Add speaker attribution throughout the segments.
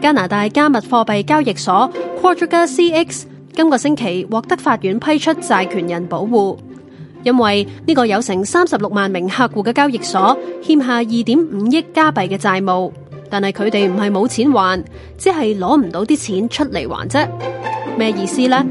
Speaker 1: 加拿大加密貨幣交易所 Quadriga CX 今個星期獲得法院批出債權人保護，因為呢個有成三十六萬名客戶嘅交易所欠下二點五億加幣嘅債務，但係佢哋唔係冇錢還，只係攞唔到啲錢出嚟還啫，咩意思呢？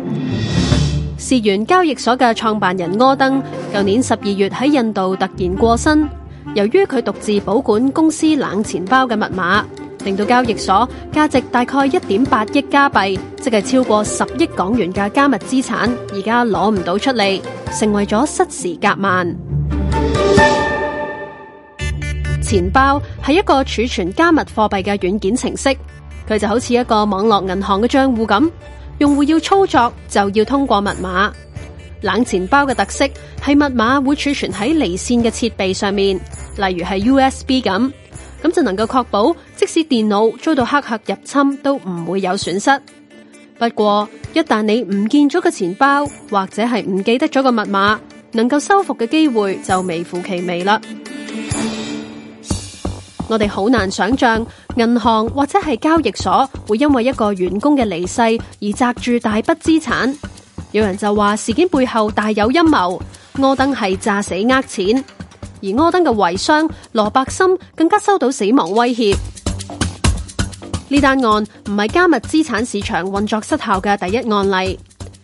Speaker 1: 事源交易所嘅創辦人柯登，舊年十二月喺印度突然過身，由於佢獨自保管公司冷錢包嘅密碼。令到交易所價值大概一點八億加幣，即係超過十億港元嘅加密資產，而家攞唔到出嚟，成為咗失時夾萬。 錢包係一個儲存加密貨幣嘅軟件程式，佢就好似一個網絡銀行嘅賬戶咁，用戶要操作就要通過密碼。冷錢包嘅特色係密碼會儲存喺離線嘅設備上面，例如係 USB 咁。咁就能夠確保，即使電腦遭到黑客入侵，都唔會有損失。不過，一旦你唔見咗個錢包，或者係唔記得咗個密碼，能夠修復嘅機會就微乎其微啦。我哋好難想象，銀行或者係交易所會因為一個員工嘅離世而砸住大筆資產。有人就話事件背後大有陰謀，柯登係詐死呃錢。而柯登嘅遺孀羅伯森更加收到死亡威脅。呢單案唔係加密資產市場運作失效嘅第一案例。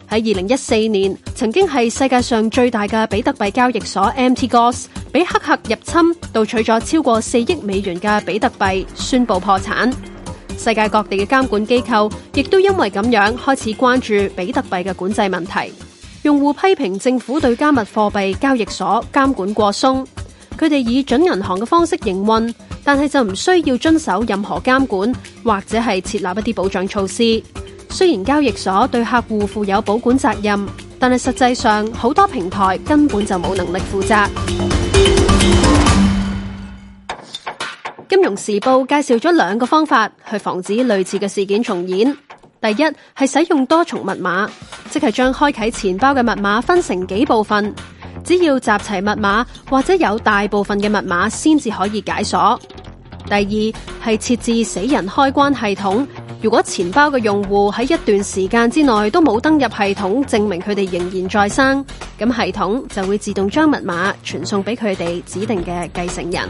Speaker 1: 喺二零一四年，曾經係世界上最大嘅比特幣交易所 Mt Gox 被黑客入侵，盜取咗超過四億美元嘅比特幣，宣布破產。世界各地嘅監管機構亦都因為咁樣開始關注比特幣嘅管制問題。用戶批評政府對加密貨幣交易所監管過鬆。佢哋以準銀行嘅方式營運，但係就唔需要遵守任何監管或者係設立一啲保障措施。雖然交易所對客戶負有保管責任，但係實際上好多平台根本就冇能力負責。金融時報介紹咗兩個方法去防止類似嘅事件重演。第一，係使用多重密碼，即係將開啟錢包嘅密碼分成幾部分。只要集齊密碼或者有大部分嘅密碼，先至可以解鎖。第二，係設置死人開關系統，如果錢包嘅用戶喺一段時間之內都冇登入系統，證明佢哋仍然在生，咁系統就會自動將密碼傳送俾佢哋指定嘅繼承人。